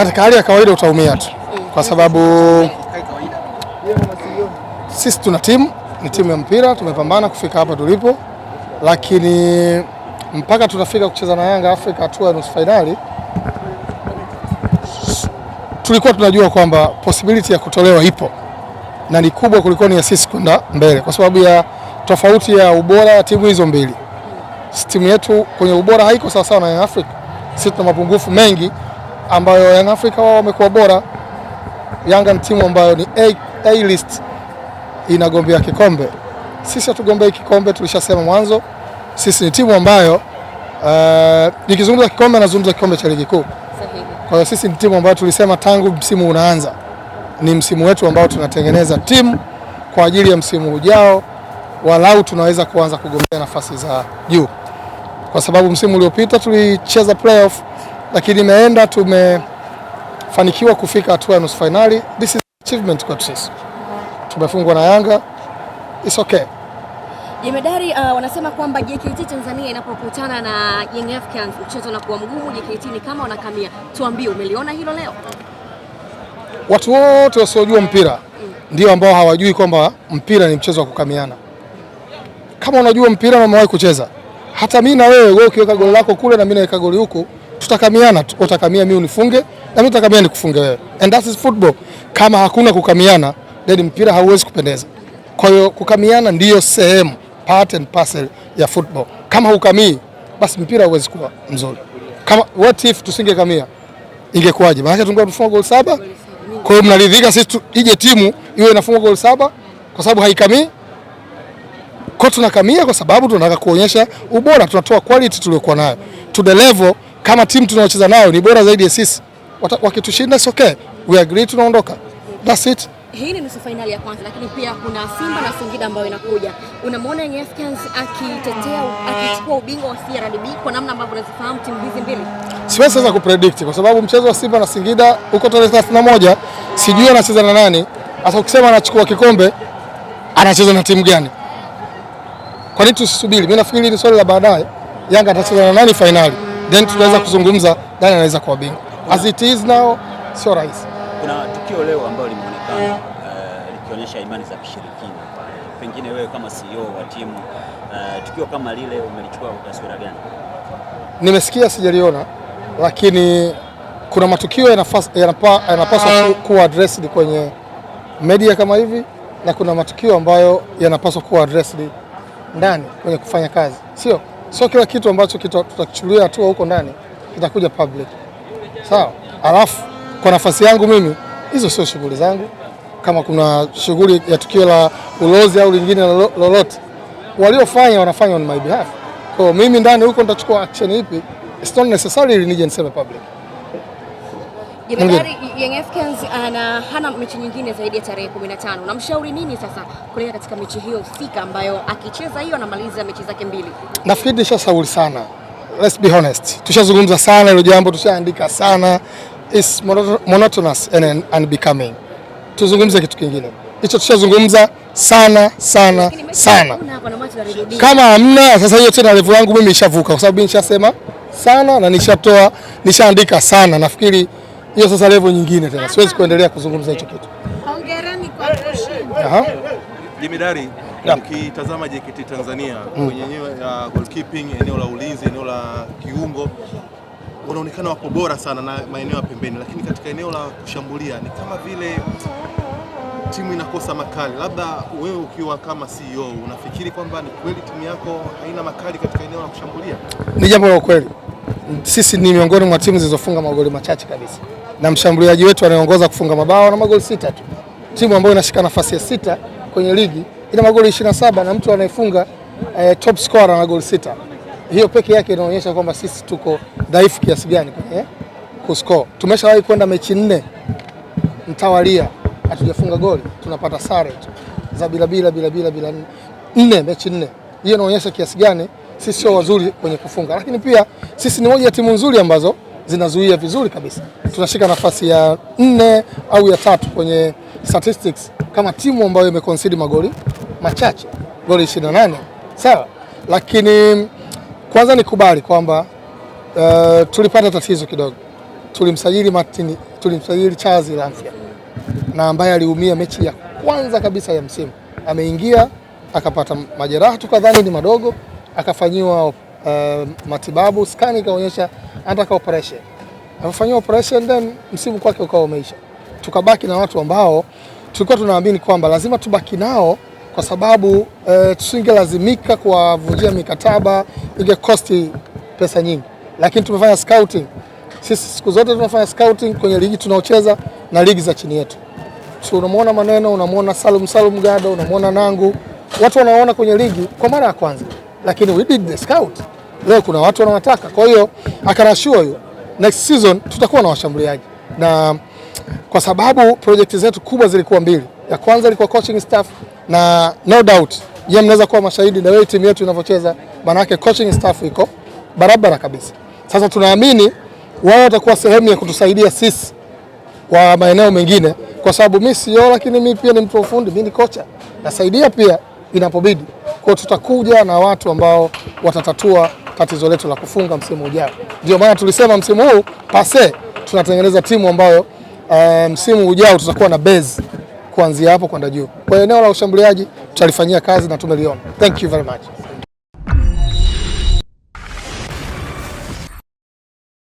Katika hali ya kawaida utaumia tu, kwa sababu sisi tuna timu, ni timu ya mpira, tumepambana kufika hapa tulipo, lakini mpaka tunafika kucheza na Yanga Afrika hatua ya nusu fainali, tulikuwa tunajua kwamba possibility ya kutolewa ipo na ni kubwa kuliko ni ya sisi kwenda mbele, kwa sababu ya tofauti ya ubora ya timu hizo mbili. Timu yetu kwenye ubora haiko sawasawa na Yanga Afrika, sisi tuna mapungufu mengi ambayo Young Africa wao wamekuwa bora. Yanga ni timu ambayo ni A, A list inagombea kikombe. Sisi hatugombei kikombe, tulishasema mwanzo. Sisi ni timu ambayo uh, nikizungumza kikombe nazungumza kikombe cha ligi kuu. Kwa hiyo sisi ni timu ambayo tulisema tangu msimu unaanza, ni msimu wetu ambao tunatengeneza timu kwa ajili ya msimu ujao, walau tunaweza kuanza kugombea nafasi za juu, kwa sababu msimu uliopita tulicheza playoff lakini imeenda, tumefanikiwa kufika hatua ya nusu fainali. This is achievement kwetu sisi. Tumefungwa na Yanga, it's okay. Jemedari, uh, wanasema kwamba JKT Tanzania inapokutana na Young Africans mchezo unakuwa mgumu. JKT ni kama wanakamia. Tuambie, umeliona hilo leo? Watu wote wasiojua mpira mm, ndio ambao hawajui kwamba mpira ni mchezo wa kukamiana. Kama unajua mpira na umewahi kucheza, hata mimi na wewe, wewe ukiweka goli lako kule na mimi naweka goli huku tutakamiana tu, utakamia mimi unifunge na mimi utakamia nikufunge wewe, and that is football. Kama hakuna kukamiana, then mpira hauwezi kupendeza. Kwa hiyo kukamiana ndiyo sehemu part and parcel ya football. Kama hukamii, basi mpira hauwezi kuwa mzuri. Kama what if tusingekamia, ingekuwaje? Maana tungekuwa tufunga goal saba. Kwa hiyo mnaridhika sisi ije timu iwe inafunga goal saba kwa sababu haikamii kwa tunakamia kwa sababu tunataka kuonyesha ubora, tunatoa quality tuliyokuwa nayo to the level kama timu tunaocheza nayo ni bora zaidi ya sisi, wakitushinda it's okay, we agree, tunaondoka, that's it. Hii ni nusu fainali ya kwanza, lakini pia kuna Simba na Singida ambayo inakuja. Unamwona Young Africans akitetea akichukua ubingwa wa CRDB kwa namna ambavyo unazifahamu timu hizi mbili? Siwezi sasa kupredict kwa sababu mchezo wa Simba na Singida uko tarehe 31, sijui anacheza na nani. Sasa ukisema anachukua kikombe, anacheza na timu gani? Kwa nini tusisubiri? Mimi nafikiri ni swali la baadaye, Yanga atacheza na nani fainali then tunaweza kuzungumza nani anaweza kuwa bingwa. As it is now sio rahisi. Kuna tukio leo ambalo limeonekana uh, likionyesha imani za kishirikina, pengine wewe kama CEO wa timu uh, tukio kama lile umelichukua taswira gani? Nimesikia, sijaliona, lakini kuna matukio yanapaswa kuwa addressed kwenye media kama hivi na kuna matukio ambayo yanapaswa kuwa addressed ndani kwenye kufanya kazi, sio Sio kila kitu ambacho tutakichukulia hatua huko ndani kitakuja public, sawa. Alafu kwa nafasi yangu mimi, hizo sio shughuli zangu. Kama kuna shughuli ya tukio la ulozi au lingine lolote, waliofanya wanafanya on my behalf. Kwa mimi ndani huko nitachukua action ipi? It's not necessary nije niseme public. Jemedari Young Africans ana ah, hana mechi nyingine zaidi ya tarehe 15. Unamshauri nini sasa kulea katika mechi hiyo husika ambayo akicheza hiyo anamaliza mechi zake mbili? Nafikiri tulishasauri sana. Let's be honest. Tushazungumza sana hilo jambo, tushaandika sana. It's monotonous and unbecoming. Tuzungumze kitu kingine. Hicho tushazungumza sana sana sana. Kama hamna sasa, hiyo tena level yangu mimi ishavuka kwa sababu nishasema sana na nishatoa nishaandika sana nafikiri hiyo sasa level nyingine tena, siwezi kuendelea kuzungumza hicho kitu. Hongereni kwa kushinda. Jimidari, ukitazama JKT Tanzania mm. kwenye eneo la uh, goalkeeping, eneo la ulinzi, eneo la kiungo wanaonekana wako bora sana na maeneo ya pembeni, lakini katika eneo la kushambulia ni kama vile timu inakosa makali. Labda wewe ukiwa kama CEO unafikiri kwamba ni kweli timu yako haina makali katika eneo la kushambulia? Ni jambo la ukweli, sisi ni miongoni mwa timu zilizofunga magoli machache kabisa na mshambuliaji wetu anayeongoza kufunga mabao na magoli sita tu. Timu ambayo inashika nafasi ya sita kwenye ligi ina magoli 27 na mtu anayefunga eh, top scorer na goli sita. Hiyo peke yake inaonyesha kwamba sisi tuko dhaifu kiasi gani kwenye eh, kuscore. Tumeshawahi kwenda mechi nne mtawalia hatujafunga goli, tunapata sare tu za bila bila bila bila bila nne mechi nne. Hiyo inaonyesha kiasi gani sisi sio wazuri kwenye kufunga, lakini pia sisi ni moja ya timu nzuri ambazo zinazuia vizuri kabisa. Tunashika nafasi ya nne au ya tatu kwenye statistics kama timu ambayo imeconcede magoli machache, goli 28 sawa. Lakini kwanza nikubali kwamba uh, tulipata tatizo kidogo. Tulimsajili Martin, tulimsajili Charles Lancia na ambaye aliumia mechi ya kwanza kabisa ya msimu, ameingia akapata majeraha, tukadhani ni madogo, akafanyiwa uh, matibabu. Skani ikaonyesha anataka operation, afanyia operation then msimu kwake ukawa umeisha. Tukabaki na watu ambao tulikuwa tunaamini kwamba lazima tubaki nao kwa sababu uh, tusingelazimika kuwavunjia mikataba, cost pesa nyingi, lakini tumefanya scouting. Sisi siku zote tunafanya scouting kwenye ligi tunaocheza na ligi za chini yetu. So, unamwona Maneno, unamwona Salum Salum Gado, unamwona Nangu, watu wanaona kwenye ligi kwa mara ya kwanza lakini we did the scout. Leo kuna watu wanawataka, kwa hiyo akarashua huyu, next season tutakuwa na washambuliaji, na kwa sababu project zetu kubwa zilikuwa mbili, ya kwanza ilikuwa coaching staff, na no doubt yeye mnaweza kuwa mashahidi na wewe timu yetu inavyocheza, maana yake coaching staff iko barabara kabisa. Sasa tunaamini wao watakuwa sehemu ya kutusaidia sisi kwa maeneo mengine, kwa sababu mimi sio, lakini mimi pia ni mtu wa ufundi, mimi ni kocha, nasaidia pia inapobidi. Kwa tutakuja na watu ambao watatatua tatizo letu la kufunga msimu ujao. Ndio maana tulisema msimu huu pase, tunatengeneza timu ambayo uh, msimu ujao tutakuwa na base kuanzia hapo kwenda juu. Kwa eneo la ushambuliaji tutalifanyia kazi na tumeliona. Thank you very much.